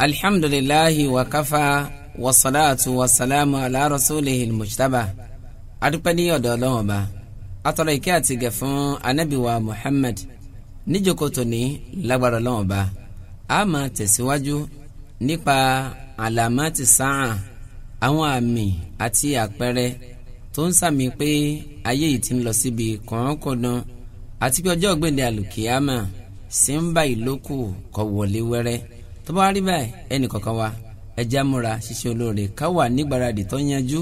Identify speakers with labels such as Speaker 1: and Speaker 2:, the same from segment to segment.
Speaker 1: alhamdulilahi wa kafa wa salatu wa salamu ala rasulihi mujtaba adúpẹ́ ní ọ̀dọ̀ ọlọ́wọ́n ba atọ́rọ ìkẹ́ àti gẹ̀ fún anabiwa muhammad níjókòó tòní lágbára ọlọ́wọ́n ba a máa tẹ̀síwájú nípa àlàmátì sáà àwọn àmì àti àpẹẹrẹ tó ń sàmì pé ti ń lọ síbi kọ̀ọ̀kọ̀dán àti pé ọjọ́ ọ̀gbẹ́ndẹ̀ àlùkìyàmà sí ń bá tó bá rí báyìí ẹnì kọ̀ọ̀kan wa ẹja múra ṣiṣẹ́ olóore ká wà nígbàradì tó yanjú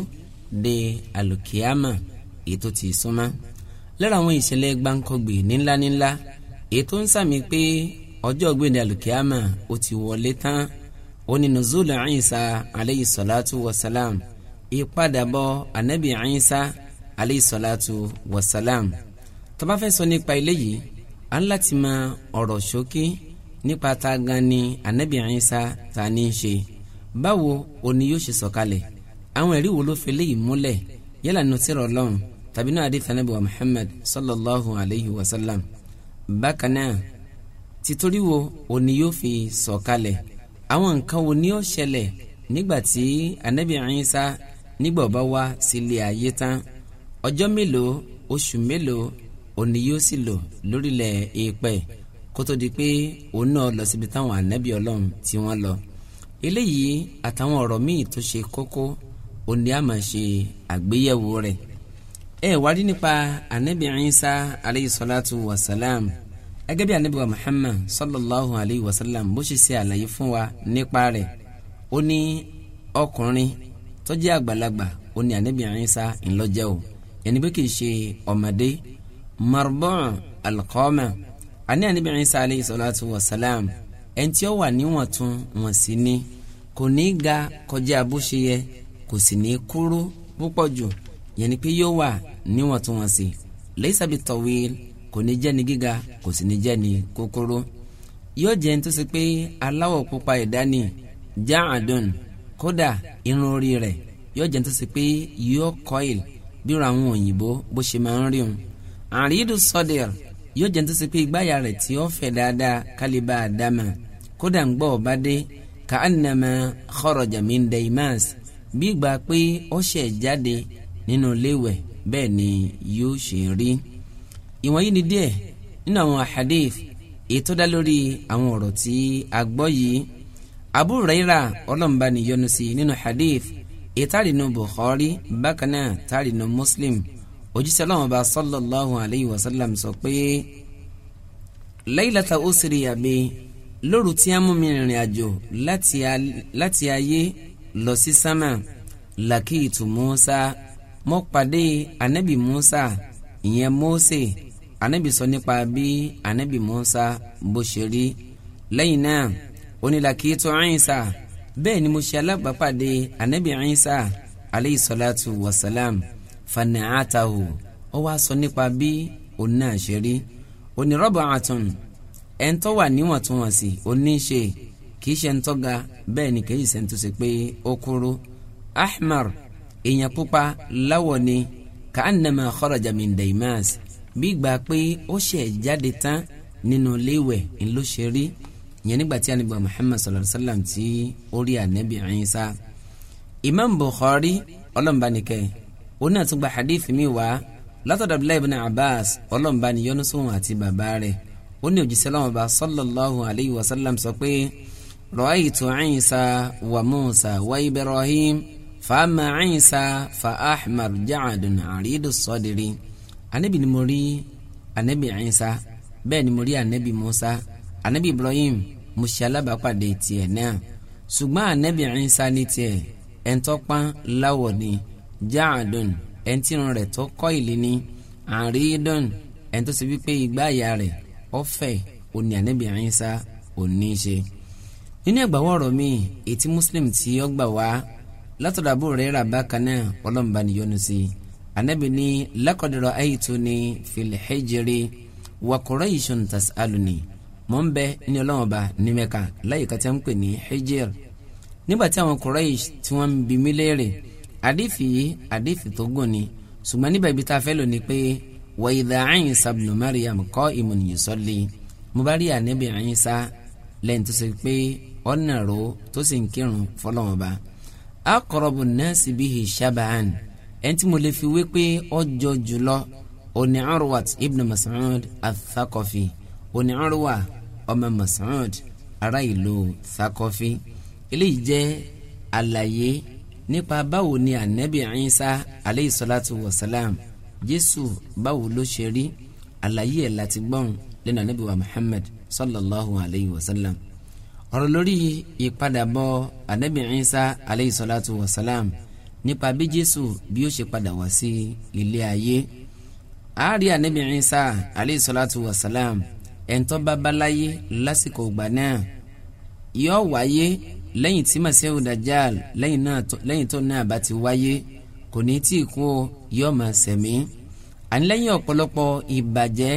Speaker 1: de alùkìyàmà èyí tó ti súnmọ́ lára àwọn ìṣẹ̀lẹ̀ gbáǹkọ́gbè níńlá níńlá èyí tó ń sàmì pé ọjọ́ gbẹ̀dẹ̀ alùkìyàmà ó ti wọlé tán ó ní nùzúlù Ìsá aleyhi sọ̀látù wasalam ìpadàbọ̀ anabi Ìsá aleyhi sọ̀látù wasalam tó bá fẹ́ sọ nípa eléyìí á ń ọ̀rọ̀ ṣókí nípa ta gan ni anabi Isa ta ní í ṣe báwo òní yóò ṣe sọ̀kalẹ̀ àwọn ẹ̀rí wo ló fi léyìí múlẹ̀ yálà nínú tírà tàbí náà adé tànàbí wa Muhammad sallallahu alayhi wa sallam bákan náà títorí wo òní yóò fi sọ̀kalẹ̀ àwọn nǹkan wo ni ó ṣẹlẹ̀ nígbà tí anabi Isa nígbà ó bá wá sílé ayé tán ọjọ́ mélòó oṣù mélòó òní yóò sì lò lórílẹ̀ èèpẹ̀ kó tó di pé òun náà lọ síbi táwọn ànábì ọlọ́run tí wọ́n lọ eléyìí àtàwọn ọ̀rọ̀ míì tó ṣe kókó òun ni ṣe àgbéyẹ̀wò rẹ̀ ẹ wárí nípa ànábì Isa aleyhi salatu wa salam gẹ́gẹ́ bí ànábì wa Muhammad sallallahu alayhi wa salam bó ṣe ṣe àlàyé fún wa nípa rẹ̀ ó ní ọkùnrin tó jẹ́ àgbàlagbà ó ní ànábì Isa ńlọ́jẹ́ o yẹnni pé kì í ṣe ọmọdé marbon alqama Ani àníbi Ìsá alayhi salatu wa salam ẹni ó wà níwọ̀ntún wọ̀n sí ni kò ní ga kọjá bó ṣe yẹ kò sì ní kúrú púpọ̀ jù yẹn ni pé yóò wà níwọ̀ntúnwọ̀nsì laysa bi tawil kò ní jẹ́ ni gíga kò sì ní jẹ́ ni kúkúrú yóò jẹ́ tó ṣe pé aláwọ̀ pupa ìdání já àdùn kódà irun orí rẹ̀ yóò jẹ́ tó ṣe pé yóò coil bí irun àwọn òyìnbó bó ṣe máa ń rí un àrídù sọ́dẹ̀rẹ̀ yóò jẹ́ tó ṣe pé ìgbáyà rẹ̀ tí ó fẹ̀ dáadáa kálíbà àdámà kódà ń gbọ́ ọba dé ká ànàmà kharaja min daimas bí ìgbà pé ó ṣẹ̀ jáde nínú léwẹ̀ bẹ́ẹ̀ ni yóò ṣe rí. ìwọ̀nyí ni díẹ̀ nínú àwọn hadith ètò dá lórí àwọn ọ̀rọ̀ tí a gbọ́ yìí Abu Huraira ọlọ́mùbá nìyọnu sí nínú hadith ìtàrínú Bukhari bákan náà tàrínú Muslim òjíṣẹ́ ọlọ́run ọba sallallahu alayhi wa sallam sọ pé laylata usriya bi lóru tí a mú mi rìnrìn àjò láti ayé lọ sí sámà lakiitu Musa mo pàdé anabi Musa ìyẹn Mose anabi sọ nípa bí anabi Musa bó ṣe rí lẹ́yìn náà onílàkìtù Ìsá bẹ́ẹ̀ ni mo ṣe alábàápàdé anabi Ìsá aleyhi salatu wa salam fana'atahu ó wá sọ nípa bí òun náà ṣe rí òní rọ́bà àtún ẹ̀ńtọ́ wà níwọ̀ntúnwọ̀nsì oníṣe kìí ṣe ẹ̀ńtọ́ ga bẹ́ẹ̀ ni kìí ṣe ẹ̀ńtọ́ ṣe pé ó kúrú ahmar èèyàn pupa láwọ̀ ni ka'annama kharaja min daymas bí gbà pé ó ṣe jáde tán nínú léwẹ̀ ńlọ ṣe rí yẹn nígbà tí anabi muhammad sallallahu alaihi wa sallam ti orí anabi Isa imam bukhari ọlọ́mbanìkẹ́ òun náà tún gba hadith mi wá látọ̀dọ̀ Abdullahi ibn Abbas ọlọ́mba ni yọ́nú sóhun àti bàbá rẹ̀ ó ní òjíṣẹ́ lọ́wọ́ bá sallallahu alayhi wa sallam sọ pé ra'aytu Isa wa Musa wa Ibrahim fàámà Isa fa ahmar ja'adun aridu sadri anabi ni mo rí anabi Isa bẹ́ẹ̀ ni mo rí anabi Musa anabi Ibrahim mo ṣe alábàápàdé tiẹ̀ náà ṣùgbọ́n anabi Isa ní tiẹ̀ ẹ̀ńtọ́pá láwọ̀ ni jáàdùn ẹni tí irun rẹ̀ tó kọ́ ìlí ni àrídùn ẹni tó ṣe wípé igbá ìyá rẹ̀ ọ̀fẹ́ òní ànábì Ìsá òní ṣe. nínú ẹgbàáwọ̀ mi ètí Muslim tí ó gbà wá látọ̀dọ̀ àbúrò rẹ̀ rà bákan náà ọlọ́mùbá ni yọ́nu sí i ànábì ní lákọ̀dọ̀rọ̀ àyètò ní filhijiri wa Quraishun tas'aluni mọ̀ ń bẹ ní ọlọ́mọba ní Mẹ́kà láyìíká tí wọ́n ń pè ní hijir nígbà àwọn Quraish tí àdìfì yìí àdìfì tó gùn ni ṣùgbọ́n níbẹ̀ ibi tá a fẹ́ lò ní pé wa idha Isa ibn Maryam qa'imun yusalli mo bá rí ànábì Isa lẹ́yìn tó ṣe pé ọ̀nà ro tó sì ń kírun fọlọ́wọ́n ba aqrabu nnasi bihi shabahan ẹni tí mo lè fi wé pé ọjọ́ jùlọ oní Urwat ibn Mas'ud al oní Urwa ọmọ Mas'ud ará ìlú Thaqafi eléyìí jẹ́ àlàyé nípa báwo ni ànábì Ìsá aleyhi salatu wa salam jésù báwo ló ṣe rí àlàyé ẹ̀ láti gbọ́n lẹ́nu ànábì wa Muhammad sallallahu alayhi wa sallam ọ̀rọ̀ lórí ìpadàbọ̀ ànábì Ìsá aleyhi salatu wa salam nípa bí jésù bí ó ṣe padà wá sí ilé ayé àárí ànábì Ìsá aleyhi salatu wa salam ẹ̀ńtọ́ bábáláyé lásìkò ìgbà náà yóò wáyé lẹ́yìn tí masihu dajjal lẹ́yìn tó náà bá ti wáyé kò ní tí ì kú o yóò máa ṣẹ̀mí àní lẹ́yìn ọ̀pọ̀lọpọ̀ ìbàjẹ́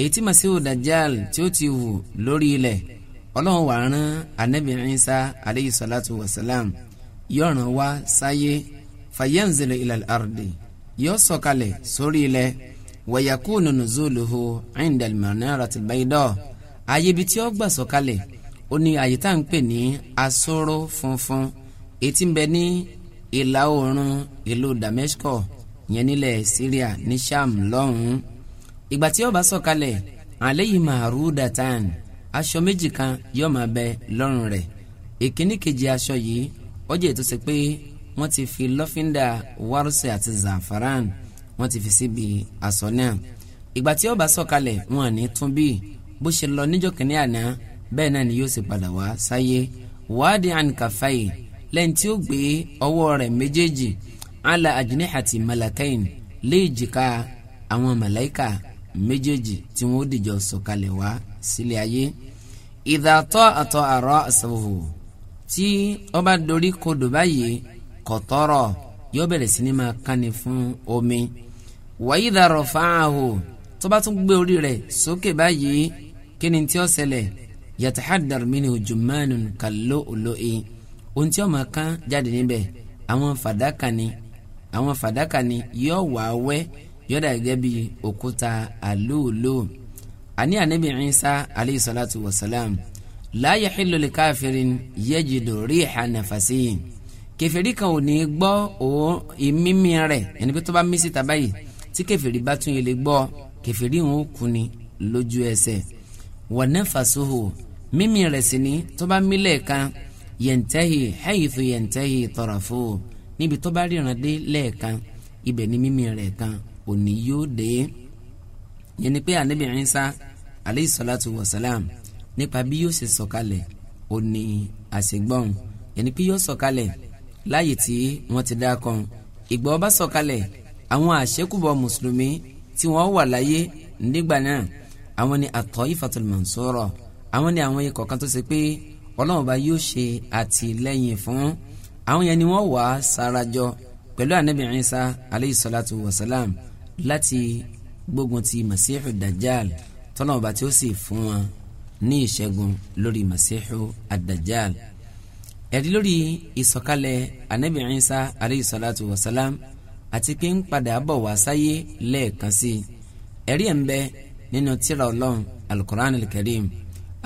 Speaker 1: èyí tí masihu dajjal tí ó ti hù lórí ilẹ̀ ọlọ́run wà rán anabi Isa aleyhi salatu wa salam yóò rán wá sáyé fayanzilu ilal ardi yóò sọ̀kalẹ̀ sórí ilẹ̀ wayakunu nuzuluhu indal manaratil bayda ayébi tí ó gbà sọ̀kalẹ̀ so ó ní àyè tá à ń pè ní asóró funfun etí ń bẹ ní ìlà oòrùn ìlú Damascus yẹn nílẹ̀ Syria ní Sham lọ́hùn-ún ìgbà tí ó bá sọ̀kalẹ̀ àléyìí màrú dàtàn aṣọ méjì kan yóò máa bẹ lọ́rùn rẹ̀ èkíní kejì aṣọ yìí ó ètò sí pé wọ́n ti fi lọ́fíńdà wárúsẹ̀ àti zafaran wọ́n ti fi síbi aṣọ náà ìgbà tí ó sọ̀kalẹ̀ wọn à ní tún bí bó ṣe lọ níjọ́ kìnìún àná bẹ́ẹ̀ náà ni yóò sì padà wá sáyé wàádì ànkàfáyì lẹ́yìn tí ó gbé ọwọ́ rẹ̀ méjèèjì ala àjìníhàtì malakain lé èjìká àwọn màláìkà méjèèjì tí wọ́n ó dìjọ sọ̀kalẹ̀ wá sílé ayé ìdàtọ̀ àtọ̀ àrọ̀ àṣàwò tí ọba dorí kodò báyìí kọ̀tọ́rọ̀ yóò bẹ̀rẹ̀ sí ni máa kánni fún omi wàyí dàrọ̀ fáàhù tó bá tún gbé orí rẹ̀ sókè báyìí kí ni tí ó ṣẹlẹ̀ yatahadar minhu jumanun kallo'olo'i ohun tí ọmọ kan jáde níbẹ̀ àwọn fàdákà ni àwọn fàdákà ni yọ wà wẹ́ yọ̀dà gẹ́gẹ́ bí òkúta àlóòlò àní ànábì Ìsá alayhi salatu wa salam la yahillu li káfírin yajidu riha nafasihi kẹfìrí kan ò ní gbọ́ òun ìmímí rẹ̀ ẹni pé tó bá mí síta báyìí tí kẹfìrí bá tún yẹn lè gbọ́ kẹfìrí òun kú ni lójú ẹsẹ̀ wa nafasuhu mímì rẹ̀ sì ni tó bá mí lẹ́ẹ̀kan yẹ̀ntẹ́hì haythu yẹ̀ntẹ́hì tarafu níbi tó bá ríran dé lẹ́ẹ̀kan ibẹ̀ ni mímì rẹ̀ kan òní yóò dé yẹn ni pé ànábì Ìsá alayhi salatu wa salam nípa bí yóò ṣe sọ̀kalẹ̀ òní àṣegbọ́n yẹn ni pé yóò sọ̀kalẹ̀ láàyè tí wọ́n ti dá kan ìgbà ó bá sọ̀kalẹ̀ àwọn àṣekúbọ̀ mùsùlùmí tí wọ́n wà láyé nígbà náà àwọn ni at-Taifatul Mansura àwọn ni àwọn ikọ̀ kan tó ṣe pé ọlọ́run bá yóò ṣe àtìlẹ́yìn fún àwọn yẹn ni wọ́n wà á sarajọ pẹ̀lú anabi Isa aleyhi salatu wa salam láti gbógun ti masihu dajjal tọ́nà ọba tí ó sì fún wọn ní ìṣẹ́gun lórí masihu adajjal ẹ̀rí lórí ìsọ̀kalẹ̀ anabi Isa aleyhi salatu wa salam àti pé ń padà bọ̀ wá sáyé lẹ́ẹ̀kan sí ẹ̀rí ẹ̀ ń bẹ nínú tírà ọlọ́run alukur'an alkarim. Al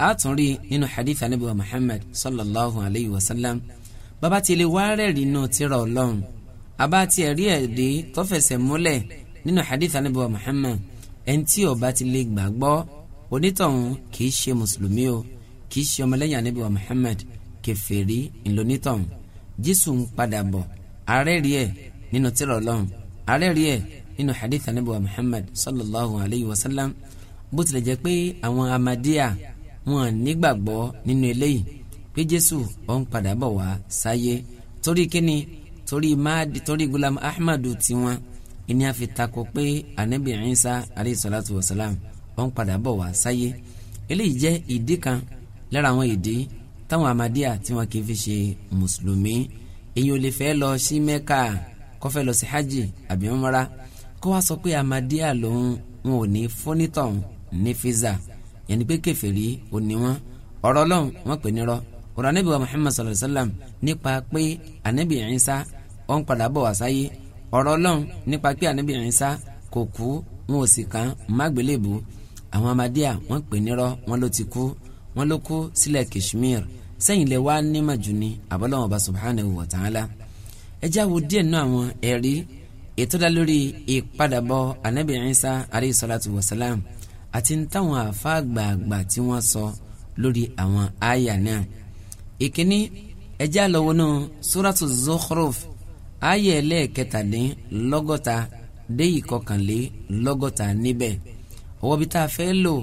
Speaker 1: àtúnrí nínú hadith anabi wa muhammad sallallahu alayhi wa sallam bàbá tí ilé wa rẹ̀rì nù tìrọ̀ ọlọ́run àbá tí ẹ̀rí ẹ̀dí tó fẹsẹ̀ múlẹ̀ nínú hadith anabi wa muhammad ẹni tí ti lè gbàgbọ́ onítọ̀hún kìí ṣe mùsùlùmí o kìí ṣe ọmọlẹ́yìn anabi muhammad kèfèrí ńlọnítọ̀hún jésù ń padà bọ̀ àrẹ́rì ẹ̀ nínú tìrọ̀ ọlọ́run àrẹ́rì ẹ̀ nínú hadith anabi muhammad sallallahu alayhi wa sallam bó tilẹ̀ jẹ́ pé àwọn amadíà wọn nígbàgbọ́ nínú eléyìí pé jésù ó ń padà bọ̀ wá sáyé torí kíni torí mahdi torí gulam ahmadu tiwọn ìní a fi takò pé anabi isa alayhi salatu wa salam ó ń padà bọ̀ wá sáyé eléyìí jẹ́ ìdí kan lára àwọn ìdí táwọn amadiya tí wọn kì í fi ṣe mùsùlùmí èyí ò lè fẹ́ lọ sí mẹ́kà kó lọ sí hajj àbí umrah kó wá sọ pé amadiya lòun wọn ò ní fónítọ̀ ní fíza yẹn ni pé kèfèrí òní wọn ọ̀rọ̀ Ọlọ́run wọn pè nírọ́ ọ̀rọ̀ anabi wa Muhammad sallallahu alaihi wa sallam nípa pé anabi Ìsá wọn padà bọ̀ wá sáyé ọ̀rọ̀ Ọlọ́run nípa pé anabi Ìsá kò kú wọn ò sì kàn mágbélébù àwọn amadíà wọn pè nírọ́ wọn ló ti kú wọn ló kú sílẹ̀ Kashmir sẹ́yìn lẹ wá nímọ̀ jù ní subhanahu wa ta'ala ẹ já díẹ̀ nínú àwọn ẹ̀rí ètò dá lórí ìpadàbọ̀ anabi Ìsá alayhi salatu wa salam àti ń táwọn àfa àgbààgbà tí wọ́n sọ lórí àwọn àyà náà ìkíní ẹjẹ́ àlọ́wọ́ náà suratu Zukhruf àyà ẹlẹ́ẹ̀kẹtàdínlọ́gọ́ta dé ìkọkànlélọ́gọ́ta níbẹ̀ ọwọ́ bí tá a fẹ́ lò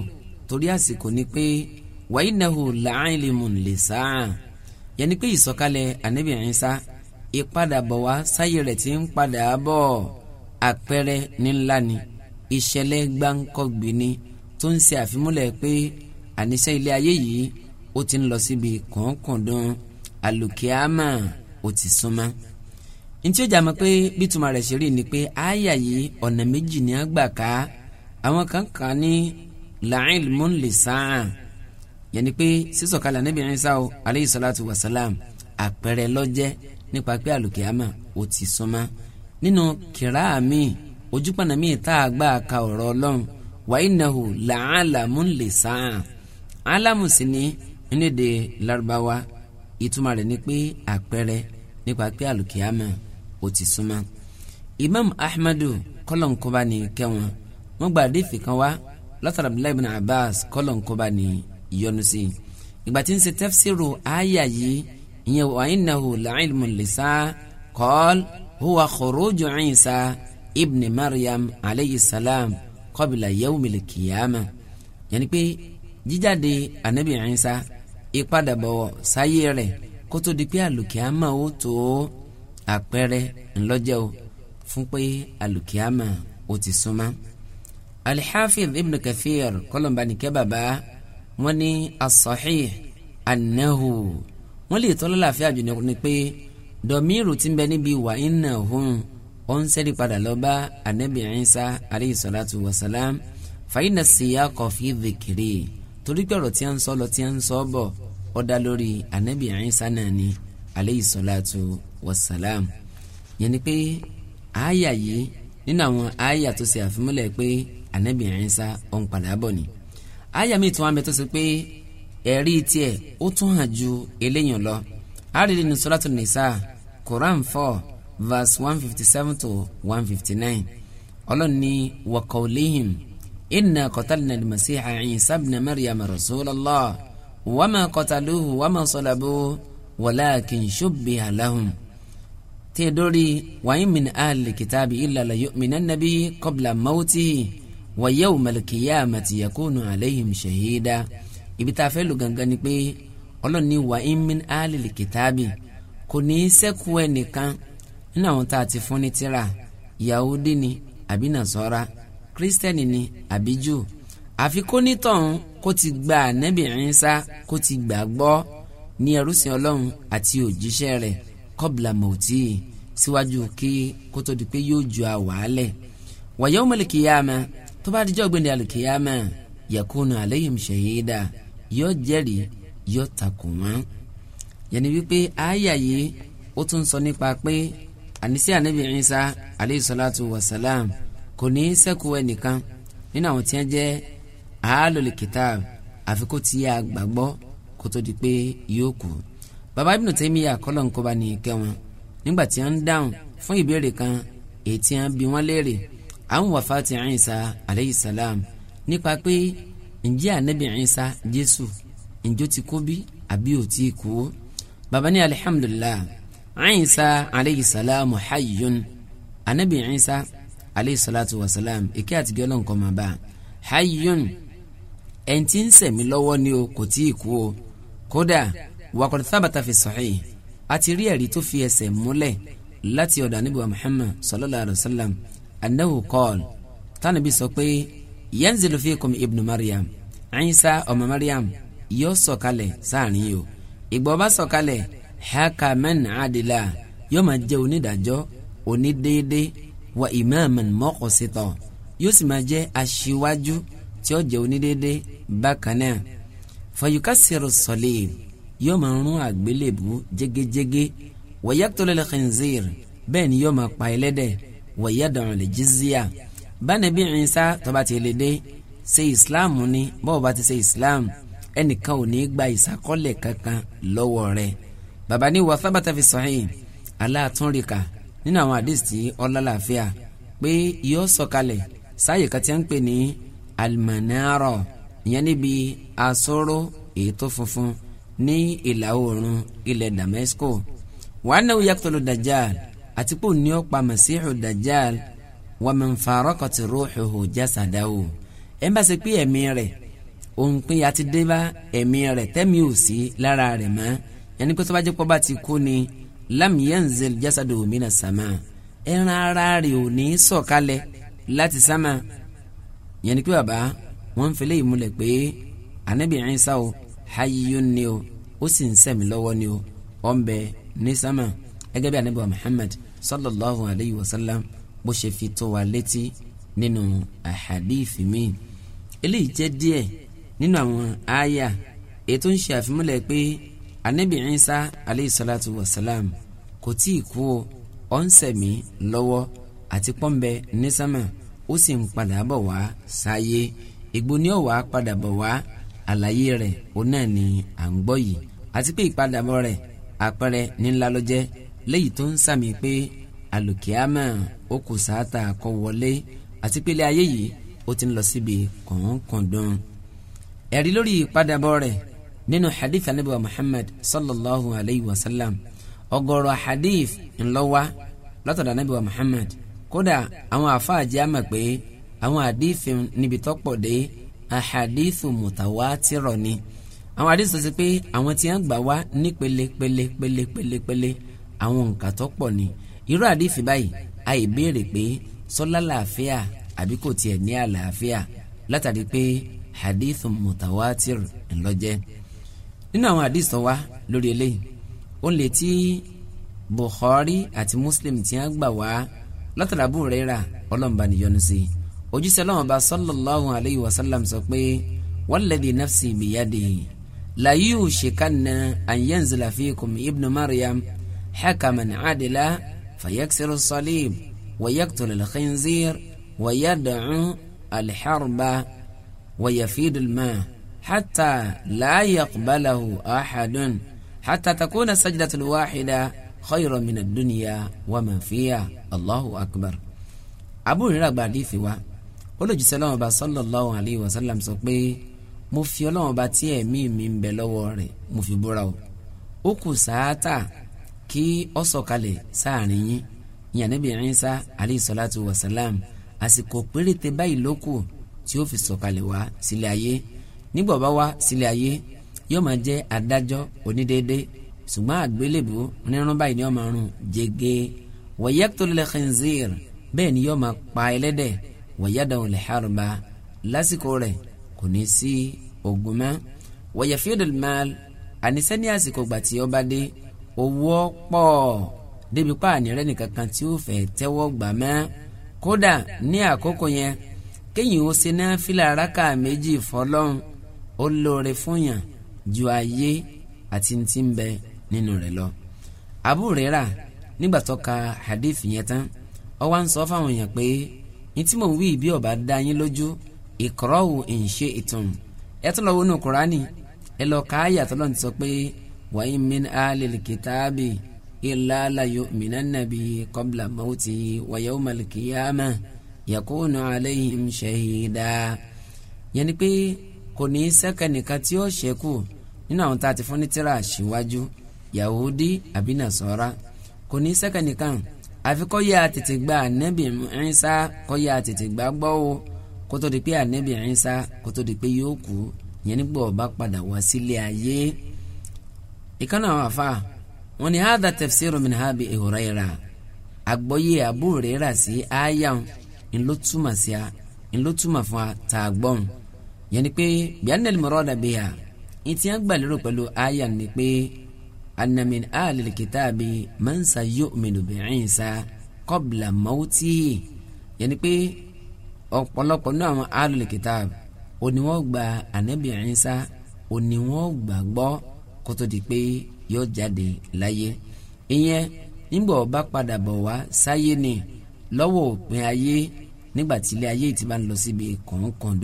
Speaker 1: torí àsìkò ni pé wàyínahu làálìmùn lè sáà yẹni pé ìsọ̀kalẹ̀ ànábì Ìsá ìpadàbọ̀ wá sáyé rẹ̀ ti ń padà bọ̀ àpẹẹrẹ ńlá ni ìṣẹ̀lẹ̀ gbáǹkọ́gbìn ni tó ń ṣe àfimúlẹ̀ pé àníṣe ilé ayé yìí ó ti ń lọ síbi kọ̀ọ̀kọ̀dán alùkìámà ó ti súnmọ́ ntí ó jàmọ́ pé bítúmọ̀ rẹ̀ ṣe rí ni pé àyà yìí ọ̀nà méjì ní àgbà ká àwọn kan kà ní la'il mun li sa'a yẹn ni pé sísọ̀kalẹ̀ Ànábì Ìsá o aleyhi salatu wa salam àpẹẹrẹ lọ́jẹ́ nípa pé àlùkìyámà ó ti súnmọ́ nínú kìrá ojúpọ̀nà mi tá a gbà ka ọ̀rọ̀ Ọlọ́run wa innahu la'alamun lisaa alamu sì ní nídìí Lárúbáwá ìtumọ̀ rẹ̀ ni pé àpẹẹrẹ nípa pé àlùkìyàmọ̀ ó ti súnmọ́. Imam Ahmadu kọ́lọ̀nkọ́ba ní kẹwọn wọ́n gba àdéfì kan wá látara Abdullahi bin Abbas kọ́lọ̀nkọ́ba ní ìyọnu sí i ìgbà tí ń ṣe tafsiru àyà yìí ìyẹn wa innahu la'ilmun lisaa qal huwa khuruju Isa ibn Maryam alayhi salam kọ́bìlà yawmil qiyamah yẹnni pé jíjáde anabi Isa ìpadàbọ̀ sáyé rẹ̀ kótó di pé àlùkìyàmà ó tó àpẹẹrẹ ńlọ́jẹ́ o fún pé àlùkìyàmà ó ti súnmọ́. Al-Hafiz Ibn Kathir kọlọmba nìkẹ́ bàbá wọn ní as-sahih annahu wọn lè tọ́lọ́ láàfin àjùnìkùn ni pé dọ̀míìrù ti ń bẹ níbi wà ń ó ń sẹ́rí padà lọ bá anabi Isa aleyhi salatu wa salam fàyínà síyá kọfí dìkìrì torí pé ọ̀rọ̀ tí a ń sọ lọ tí a ń sọ bọ̀ ó dá lórí anabi Isa náà ni aleyhi salatu wa salam yẹn ni pé àáyà yìí nínú àwọn àáyà tó ṣe àfimúlẹ̀ pé anabi Isa ó ń padà bọ̀ ni àáyà mi tún wá mi tó pé ẹ̀rí tiẹ̀ ó tún hàn ju eléyàn lọ àrídìí ní suratul Nisa Quran four verse one fifty seven to one fifty nine ọlọ́run ní wàkọ̀ọ́lẹ́hìn inna kọ́tàlínà masiha Isa ibn Maryam rasulallah wàmà kọ́tàlúhu wàmà salabuhu wàlákin shubbiha lahum tí dórí wàyí min ahli kìtàbí illa la yu'minanna bihi qabla mawtihi wa yawmal qiyamati yakunu alayhim shahida ibi tá a fẹ́ lò gangan ni pé ọlọ́run wàyí min ahli kìtàbí kò ní í sẹ́kù ẹnìkan nínú àwọn tá a ti fún ní tírà Yahudi ni àbí Nasara Kristẹni ni àbí Júù àfi kó nítọ̀hún kó ti gba ànábì Ìsá kó ti gbàgbọ́ ní ẹrúsìn Ọlọ́run àti òjíṣẹ́ rẹ̀ kọ́bìlà mọ̀tì síwájú kí kó tó di pé yóò ju àwàálẹ̀ wa yawmal qiyamah tó bá dijọ́ gbẹ̀ndẹ̀ al-qiyamah yakunu alayhim shahida yóò jẹ́rìí yóò takùn wọn. wípé àáyà yìí ó tún sọ nípa pé àníṣe ànábì Ìsá alayhi salatu wa salam kò ní í sẹ́kù ẹnìkan nínú àwọn tí jẹ́ ahlul kitab àfi kó ti yá gbàgbọ́ kó tó di pé yóò kú. bàbá Ibn Taymiya kọ́lọ̀ ń kọ́ba ní ìkẹ́ nígbà tí wọ́n dáhùn fún ìbéèrè kan èyí tí wọ́n wọ́n léèrè àwọn wàfáàtì Ìsá alayhi salam nípa pé ǹjẹ́ ànábì Ìsá Jésù ǹjọ́ ti kú bí àbí ò tí kú bàbá ní alihamdulilayi Isa aleyhi salamu hayyun anabi Isa aleyhi salatu wa salam ike àti gẹ́lọ́n kọ́ máa bá hayyun ẹni tí ń sẹ̀mí lọ́wọ́ ni o kò tí ì kú o kódà waqad thabata fi sahih àti rí ẹ̀rí tó fi ẹsẹ̀ múlẹ̀ láti ọ̀dọ̀ anabi wa Muhammad sallallahu alayhi wa sallam anahu kọ́ọ̀l tánàbí sọ pé yanzilu fikum ibnu Maryam Isa ọmọ Maryam yóò sọ̀kalẹ̀ sáàrin yìí o ìgbà ó bá sọ̀kalẹ̀ hakaman adila yóò máa jẹ́ onídàájọ́ onídéédé wa imaman muqsita yóò sì máa jẹ́ aṣíwájú tí ó jẹ́ onídéédé bákan náà fayukasiru salib yóò máa rún àgbélébù jégéjégé wa yaqtulul khinzir bẹ́ẹ̀ ni yóò máa pa ẹlẹ́dẹ̀ wa yad'u lil jizya bánàbí Ìsá tó bá ti lè dé ṣe islam ni bọ́ọ̀ bá ti ṣe islam ẹnìkan ò ní gba ìsàkọ́lẹ̀ kankan lọ́wọ́ rẹ̀ bàbá ní wà sábàtà fi sahih aláàtúnrìkà nínú àwọn àdìsí ọlọ́láàfíà pé yóò sọ̀kalẹ̀ sáàyè kan tí a ń pè ní almanaro ìyẹn níbi asóró ètò funfun ní ìlà oòrùn ilẹ̀ Damasco wàá náà yàtọ̀lù dajjal àti pé òní ọ̀pá masihu dajjal wa man farakati ruhuhu jasadahu ẹ̀ ń bá ṣe pé ẹ̀mí rẹ̀ òun àti dé ẹ̀mí rẹ̀ tẹ́mi ò sí lára rẹ̀ mọ́ yẹn ni pé sọ́ba jẹ́pọ̀ bá ti kú ni lam yanzil jasadu mina sama ẹran ara rẹ̀ ò ní sọ̀kalẹ̀ láti sama yẹn ni pé bàbá wọ́n ń fẹlẹ́ ìmúlẹ̀ pé anabi Isa o hayyun ni o ó sì ń sẹ̀mí lọ́wọ́ ni o ó ń bẹ ní sama gẹ́gẹ́ bí anabi wa Muhammad sallallahu alayhi wa sallam bó ṣe fi tó wa létí nínú àhàdíìfì mi eléyìí jẹ́ díẹ̀ nínú àwọn àyà ètò ń ṣe àfimúlẹ̀ pé anabi Isa aleyhi salatu wa salam kò tí ì kú o ó ń ṣẹ̀mí lọ́wọ́ àti pọ́ńbẹ́ nísàmà ó sì ń padà bọ̀ wá sáyé ìgbó ni ó wàá padà bọ̀ wá àlàyé rẹ̀ òun náà ni à ń gbọ́ yìí àti pé ìpadàbọ̀ rẹ̀ àpẹẹrẹ ńlá ló tó ń sàmì pé àlùkìámà ó kù sáátà kọ wọlé àti pé ilé ayé yìí ó ti ń lọ síbi kọ̀ọ̀kan ẹ̀rí lórí ìpadàbọ̀ rẹ̀ nínú hadith anabiwa muhammad sallallahu alayhi wa sallam ọ̀gọ̀rọ̀ hadith ńlọwa látọ̀dọ̀ anabiwa muhammad kódà àwọn afáàjì àmà pé àwọn hadith níbi tọ́pọ̀ dé ahadithu mutawatirọ ni àwọn àdìsọ sí pé àwọn tí wọn gbà wá ní pele pele pele pele pele àwọn nǹkan tó ni irú àdìsí báyìí àì béèrè pé sọlá làáfíà àbí kò tiẹ̀ ní àlàáfíà látàrí pé hadithu mutawatir ńlọjẹ́ nínú àwọn àdìs tó wá lórí eléyìí ó lè tí Bukhari àti Muslim ti á gbà wá látara Abu Huraira ọlọ́mùbá níyọnu sí i ojúṣe ọlọ́run bá sallallahu alayhi wa sallam sọ pé walladhi nafsi biyadihi la yushikanna an yanzila ibnu Maryam hakaman adila fayaksiru salib ويقتل الخنزير ويدعو الحرب ويفيد الماء hata láàyè àkùbálàhù àhàdùn hata takuna sajdatul wáhidà khayran mina dúnìyà wà mà fíyà allahu akbar. Abu Hurairah gba àdìfẹ́ wa olójúṣe lọ́wọ́ bá sallallahu alayhi wa sallam sọ pé mo fi Ọlọ́run bá tí ẹ̀mí mi ń bẹ lọ́wọ́ rẹ̀ mo fi búra o ó kù sáátà kí ọ sọ̀kalẹ̀ sáàrin yín ìyá Nábì alayhi salatu wa salam àsìkò péréte báyìí ló tí ó fi sọ̀kalẹ̀ wá sílẹ̀ ayé nígbà bá wá sílẹ̀ ayé yóò máa jẹ́ adájọ́ onídéédé ṣùgbọ́n àgbélébùú onírun báyìí ni yóò máa rún jege wọ̀yẹ́kítọ́lẹ̀ khinzir bẹ́ẹ̀ ni yóò máa pa ẹlẹ́dẹ̀ wọ̀yẹ́dàwọ̀n lè hàrùbá lásìkò rẹ̀ kò ní sí ogun mọ́ wọ̀yẹ́ fídílmáàl ànisẹ́ ní àsìkò gbà tí ó bá dé owó pọ̀ débi páàní rẹ̀ nìkankan tí ó fẹ́ tẹ́wọ́ gbà mọ́ kódà ní àkókò yẹn kéyìn ó ṣe náà fìlà rákà méjì fọlọ́run ó lóore fúnyàn ju ayé àti ti ń bẹ nínú rẹ̀ lọ. Abu Rera nígbà tó ka hadith yẹn tán ó wá ń sọ fáwọn èèyàn pé ní tí mò ń wí bí ó bá dá yín lójú ìkọ́rọ̀wù in shi'tum ẹ tún lọ wo inú Kùránì ẹ lọ ka àyà tó lọ́n ti sọ pé wa in min ahlil kitabi illa la yu'minanna bi qabla mawti wa yawmal qiyamah yakunu alayhim shahida yẹn ni pé kò ní í sẹ́kẹ̀ nìkan tí ó ṣẹ́kù nínú àwọn tá a ti fún ní tírà síwájú Yahudi àbí Nasara kò ní í sẹ́kẹ̀ nìkan àfi kó yá tètè gba ànẹ́bì Ìsá kó yá tètè gbà gbọ́ o kó tó di pé ànẹ́bì Ìsá kó tó di pé yóò kú yẹn nígbà ọba padà wá sílé ayé ìkànnì àwọn afa wọn ni hadha tafsiru min habi Huraira àgbọ́yé Abu Huraira sí àyà ńlọ sí a ńlọ fún a tá yẹn ni pé bíánẹ́lì murada biha ìtì àgbàlérò pẹ̀lú àyà ni pé anna min ahlil kitabi man sayu'minu bi Isa qabla mawtihi yẹn ni pé ọ̀pọ̀lọpọ̀ náà àwọn ahlil kitab òní wọ́n gba ànábì Isa òní wọ́n gbàgbọ́ kótó di pé yóò jáde láyé ìyẹn nígbà ọba padà bọ̀ wá sáyé ni lọ́wọ́ òpin ayé nígbà tí ilé ayé ti bá ń lọ síbi kọ̀ọ̀kan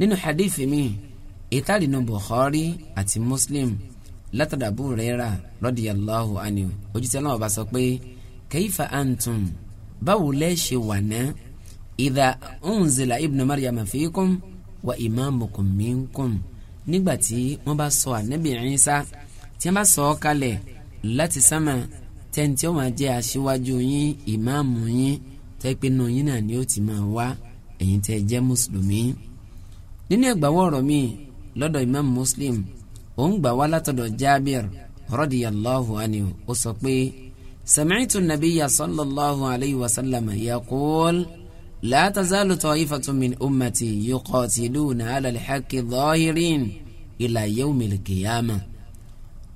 Speaker 1: nínú hadith mi ìtàlí nu Bukhari àti Muslim látọ̀dọ̀ Abu Hurairah radiyallahu anhu ojútẹ́ náà bá sọ pé kayfa antum báwo lẹ́ ṣe wà ná idha unzila ibnu Maryam fiikum wa imamukum minkum nígbà tí wọ́n bá sọ ànábì Ìsá tí wọ́n bá sọ ọ́ kalẹ̀ láti sámà tẹ́ntì ó máa jẹ́ aṣíwájú yín ìmáàmù yín tẹ́pẹ́ nù yín náà ni ó ti máa wá ẹ̀yin tẹ́ jẹ́ mùsùlùmí nínú ẹgbàwọ́ ọ̀rọ̀ mi lọ́dọ̀ imam muslim òun gbà wá látọ̀dọ̀ jabir radiyallahu anhu ó sọ pé sami'tu nabiyya sallallahu alayhi wa sallam yaqul la tazalu ta'ifatu min ummati yuqatiluna ala al-haqqi dhahirin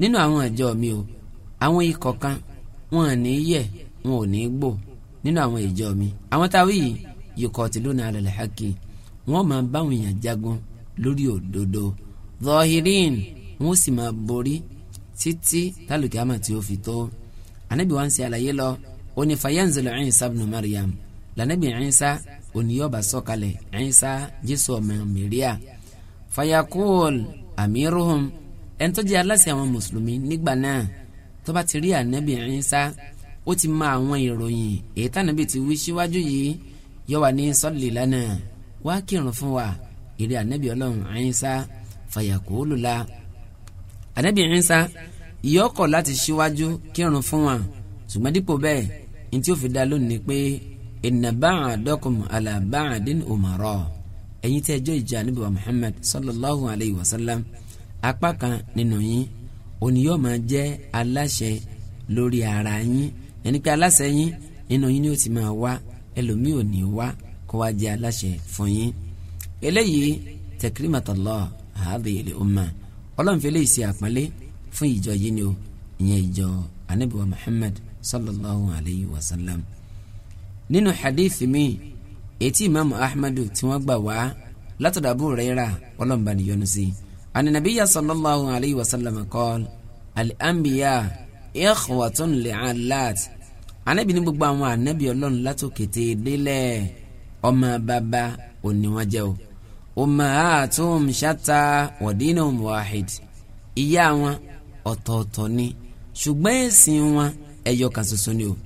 Speaker 1: nínú àwọn àjọ mi o àwọn ikọ̀ kan wọn ò ní yẹ̀ wọn ò ní gbò nínú àwọn ìjọ mi àwọn táwí yìí yuqatiluna ala al-haqqi wọ́n máa báwọn èèyàn jagun lórí òdodo zọhirin wọ́n sì máa borí títí tálùkì àmà tí ó fi tó anabi wa ṣe àlàyé lọ oní fayanzolo Isa ibn Maryam lànàbì Isa oníyọba sọ̀kalẹ̀ Isa Jésù ọmọ Màríà fayakul amiruhum ẹni tó jẹ́ aláṣẹ àwọn mùsùlùmí nígbà náà tó bá ti rí ànábì Ìsá ó ti mọ àwọn ìròyìn èyí tànàbì ti wí síwájú yìí yóò wà ní sọ́ọ̀lì lánàá wá kírun fún wa ìrẹ ànábì ọlọ́run Ìsá fàyàkóòlù la ànábì Ìsá ìyọkọ̀ láti ṣíwájú kírun fún wa ṣùgbọ́n dípò bẹ́ẹ̀ ní tí ó fi dá lónìí pé inna ba'dakum ala ba'din umara ẹ̀yin tí ẹjọ́ ìjà ànábì wa Muhammad sallallahu alayhi wa sallam apá kan nínú yín òní yóò máa jẹ́ aláṣẹ lórí ara yín ẹni pé aláṣẹ yín nínú yín ni ó ti máa wá ẹlòmíì ò ní wá kó wá jẹ́ aláṣẹ fún yín eléyìí takrimatullah hadhihi li umma ọlọ́run fẹ́lẹ́ ìṣe àpọ́nlé fún ìjọ yìí ni o ìyẹn ìjọ anabiwa muhammad sallallahu alayhi wa sallam nínú hadith mi etí imaamu ahmadu tí wọ́n gbà wá látọ̀dọ̀ Abu Huraira ọlọ́run bá níyọnu sí ananabiya sallallahu alayhi wa sallam kọ́l al-anbiya ikhwatun li'allat anabi ní gbogbo àwọn anabi ọlọ́run látòkété délẹ̀ ọmọ bàbá òní wọn jẹ́ o ummahatuhum shatta wa dinuhum wahid ìyá wọn ọ̀tọ̀ọ̀tọ̀ ni ṣùgbọ́n ẹ̀sìn wọn ẹyọ kan ṣoṣo ni o.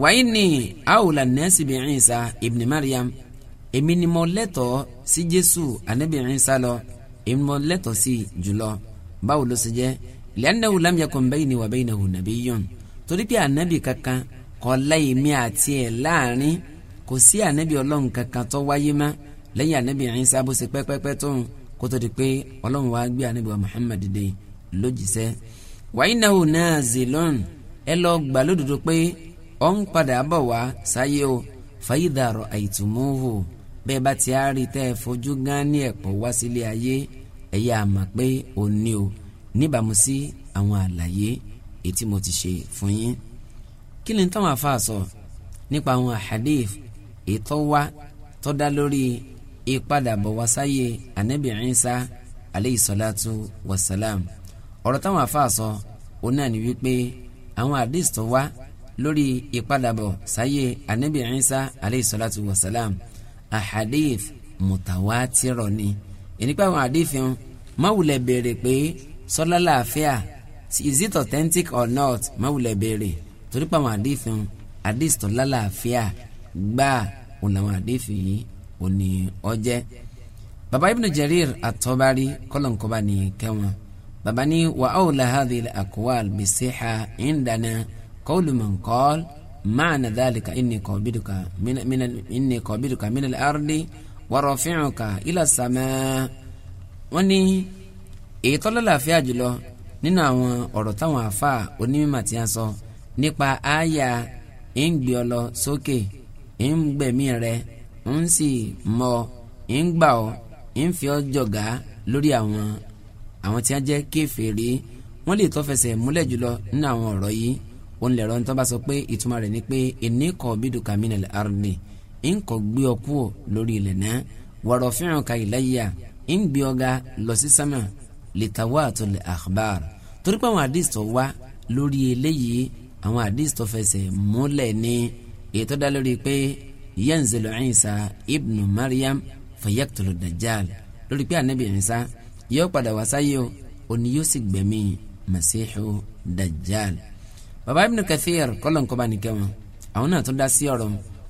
Speaker 1: wàyí ni awùlà nẹ́ẹ̀sì bí Ìsá ibn Maryam èmi ni mo lẹ́tọ̀ọ́ sí Jésù ànábì Ìsá lọ èmi mo lẹ́tọ̀ọ́ sí jùlọ báwo ló ṣe jẹ́ li'annahu lam yakun bayni wa baynahu nabiyyun torí pé ànábì kankan kò láì mí àti ẹ̀ láàrin kò sí ànábì ọlọ́run kankan tó wáyé má lẹ́yìn ànábì Ìsá bó ṣe pẹ́pẹ́pẹ́ tó ń kó tó di pé ọlọ́run wá gbé ànábì wa Muhammad dé lójíṣẹ́ wàyínáwó náà zilon ẹ lọ gbà lódodo pé ọ ń padà bọ̀ wá sáyé o fàyídàrọ̀ àìtùmọ́wò bẹ́ẹ̀ bá ti á rí tẹ́ ẹ fojú gán ní ẹ̀pọ̀ wá sílé ayé ẹ̀yà àmà pé ò ní o níbàámu sí àwọn àlàyé ètí mo ti ṣe fún yín kí ni táwọn afa sọ nípa àwọn hadith ètò wa tó dá lórí ìpadàbọ̀ wasáyé anabi Isa aleyhi salatu wa salam ọ̀rọ̀ táwọn afa sọ òun náà ni wípé àwọn hadith tó wá lórí ìpadàbọ̀ sáyé anabi Isa aleyhi salatu wa salam ahadith mutawatirọ ni ènìpẹ́ àwọn hadith yẹn béèrè pé sọlá làáfíà is it authentic or not máwùlẹ̀ béèrè torí pàwọn hadith yẹn hadith tó gbáà òun làwọn yìí òun ni baba ibn jarir atọ́bárí kọ́lọ̀nkọ́ba ní kẹwọn baba ní wa awla hadhihi al-aqwal bisiha indana qawlu man qala ma'na dhalika inni qabiduka min inni qabiduka wọ́n ní èyí tó jùlọ nínú àwọn ọ̀rọ̀ táwọn àáfàá onímọ̀ tí a sọ nípa àáyà ń sókè. So ń gbẹ̀mí rẹ ń sì mọ ń gbà ọ́ ń fi ọ́ jọ̀gá lórí àwọn àwọn tí wọ́n jẹ́ kèfèrí wọ́n lè tó múlẹ̀ jùlọ nínú àwọn ọ̀rọ̀ yìí òun lè rọrùn tó bá sọ pé ìtumọ̀ rẹ̀ ni pé ẹni kọ̀ bídùn kàmínà arni ń kọ̀ gbé ọ kúọ̀ lórí ilẹ̀ náà wọ̀rọ̀ fẹ́ràn ka ìlàyà ń gbé ọ̀gá lọ sí sámà lè tàwa àtò lè àkàbàr torí pé àwọn àdìs tó wá lórí eléyìí àwọn àdìs tó fẹsẹ̀ múlẹ̀ ní èyí tó dá lórí pé yanzilu Isa ibnu Maryam fayaktulu dajjal lórí pé anabi Isa yóò padà wá sáyé o òní yóò sì gbẹ̀mí masihu dajjal baba ibnu Kathir kọ́lọ̀ nkọ́ba nìkẹ́ wọn àwọn náà tó dá sí ọ̀rọ̀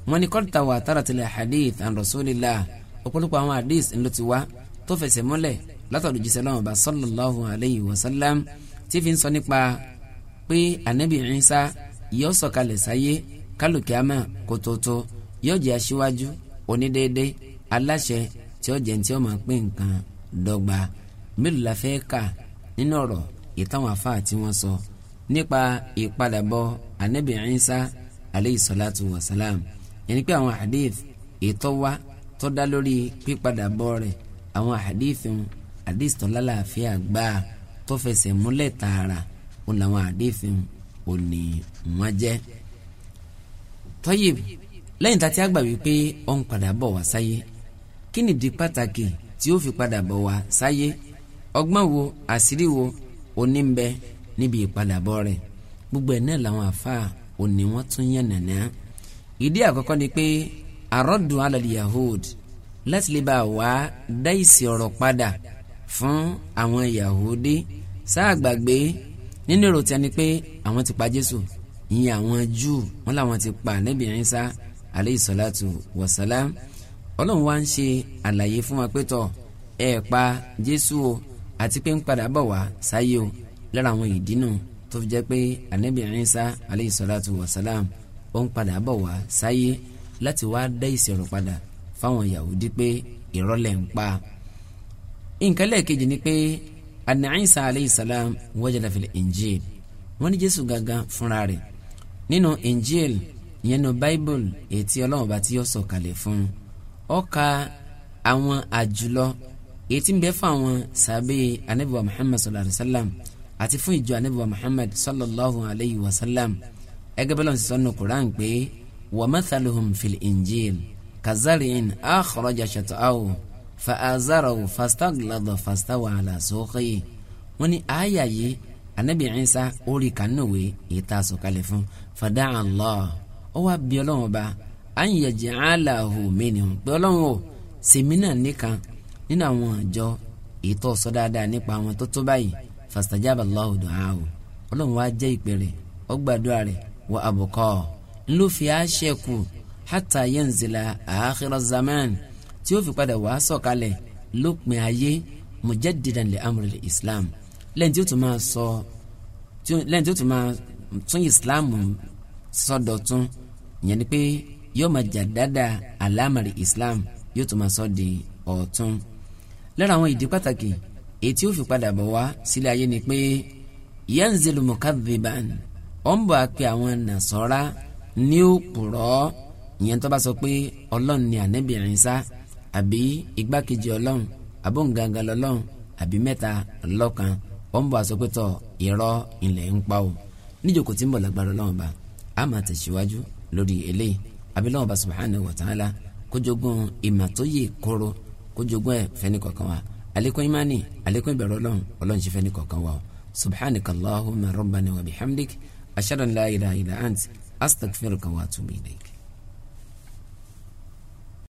Speaker 1: wọn ni kọ́lìtà wà tààràtìlẹ̀ hadith an rasulillah ọ̀pọ̀lọpọ̀ àwọn hadith ńlọ ti wá tó fẹsẹ̀ múlẹ̀ látọ̀dọ̀ jíṣẹ́ lọ́wọ́ bá sallallahu alayhi wa sallam tí fi ń sọ nípa pé anabi Isa yóò sọ̀kalẹ̀ sáyé kálùkìámà kó tó tó yóò jẹ́ aṣíwájú onídéédé aláṣẹ tí ó jẹ́ tí ó máa pín nǹkan dọ́gba mélòó la fẹ́ kà nínú ọ̀rọ̀ ìtàwọn afá tí wọ́n sọ nípa ìpadàbọ̀ anabi Isa aleyhi salatu wa salam yẹnni pé àwọn hadith ìtọ́wá tó dá lórí pípadàbọ̀ rẹ̀ àwọn hadith hadith tó lálàáfíà gbáà tó fẹsẹ̀ múlẹ̀ tààrà ó làwọn hadith òní wọ́n jẹ́ tọ́yìb lẹ́yìn tá a ti gbà wípé ó ń padà bọ̀ wá sáyé kí nìdí pàtàkì tí ó fi padà bọ̀ wá sáyé ọgbọ́n wo àṣírí wo òní ń bẹ níbi ìpadàbọ̀ rẹ̀ gbogbo ẹ̀ náà làwọn àfáà òní wọ́n tún yàn nàná ìdí àkọ́kọ́ ni pé àrọ́dùn alàlì yahood láti lè bá a wá dá ìsì ọ̀rọ̀ padà fún àwọn yahoodi sáà gbàgbé nínú èrò tí a ní pé àwọn ti pa Jésù ìyẹn àwọn Júù wọn làwọn ti pa Ànábì Ìsá alayhi salatu wassalam ọlọ́run wá ń ṣe àlàyé fún wa pé tọ̀ ẹ pa Jésù o àti pé ń padà bọ̀ wá sáyé o lára àwọn ìdínú tó fi jẹ́ pé Ànábì Ìsá alayhi salatu wassalam ó ń padà bọ̀ wá sáyé láti wá dá ìṣẹ̀rọ̀ padà fáwọn Yahudi pé ìrọ́lẹ̀ ń pa nǹkan lẹ́ẹ̀kejì ni pé anna Isa aleyhisalaam wajala fil Injil wọ́n ní Jésù gangan fúnra rẹ̀ nínú Injil ìyẹn nu Bible ètí Ọlọ́run bá ti yọ sọ̀kalẹ̀ fún un àwọn àjùlọ ètí ń bẹ fún àwọn sàbẹ̀ anabiwa Muhammad sallallahu alayhi wa sallam àti fún ìjọ anabiwa Muhammad sallallahu alayhi wa sallam ẹgẹ́ bẹ́ẹ̀ lọ́n Quran pé wa mathaluhum fil Injil kazarin akhraja shat'ahu fa'azarahu fastaghlada fastawa ala suqihi wọ́n ní àyà yìí anabi Isa orí kanáwé èyí tá a sọ̀kalẹ̀ fún fàdá Allah ó wá bí ọlọ́run ọba ànyẹ̀jẹ̀ aláhùn mi ni pé ọlọ́run ò sèmi náà nìkan nínú àwọn àjọ ètò ọ̀sọ́ dáadáa nípa àwọn tó tó báyìí fastajaba Allahu du'aahu ọlọ́run wá jẹ́ ìpè rẹ̀ ó gbàdúrà rẹ̀ wọ àbùkọ́ ńlọ fi àṣẹ kù hátà yanzila akhira tí ó fi padà wàá sọ̀kalẹ̀ lópin ayé mujaddidan li amri islam lẹ́yìn tí ó tún máa sọ lẹ́yìn tí ó tún máa tún ìsìláàmù sọ́dọ̀ tún ìyẹn ni pé yóò máa jà dáadáa àlámàrí islam yóò tún máa sọ di ọ̀tún. lára àwọn ìdí pàtàkì èyí tí ó fi padà bọ̀ wá sílé ayé ni pé yanzilu mukadhiban ó ń bọ̀ àwọn nàṣọ́ra ní òpùrọ́ ìyẹn tó bá sọ pé ọlọ́run ni ànábì Ìsá àbí igbákejì ọlọ́run àbóǹgangan lọ́lọ́run àbí mẹ́ta lọ́kan ó ń bọ̀ ilẹ̀ ń pa o níjókòó tí ń bọ̀ lágbára Ọlọ́run bá a máa tẹ̀síwájú lórí eléyìí abilọ́wọ́n bá subhanahu wa ta'ala kójogún ìmà tó yè kóró kójogún ẹ̀ fẹ́ni kọ̀ọ̀kan wa alekun imani alekun ìbẹ̀rù Ọlọ́run Ọlọ́run ṣe fẹ́ni kọ̀ọ̀kan wa subhanaka Allahumma rabbana wa bihamdik ashhadu an la ant astaghfiruka wa atubu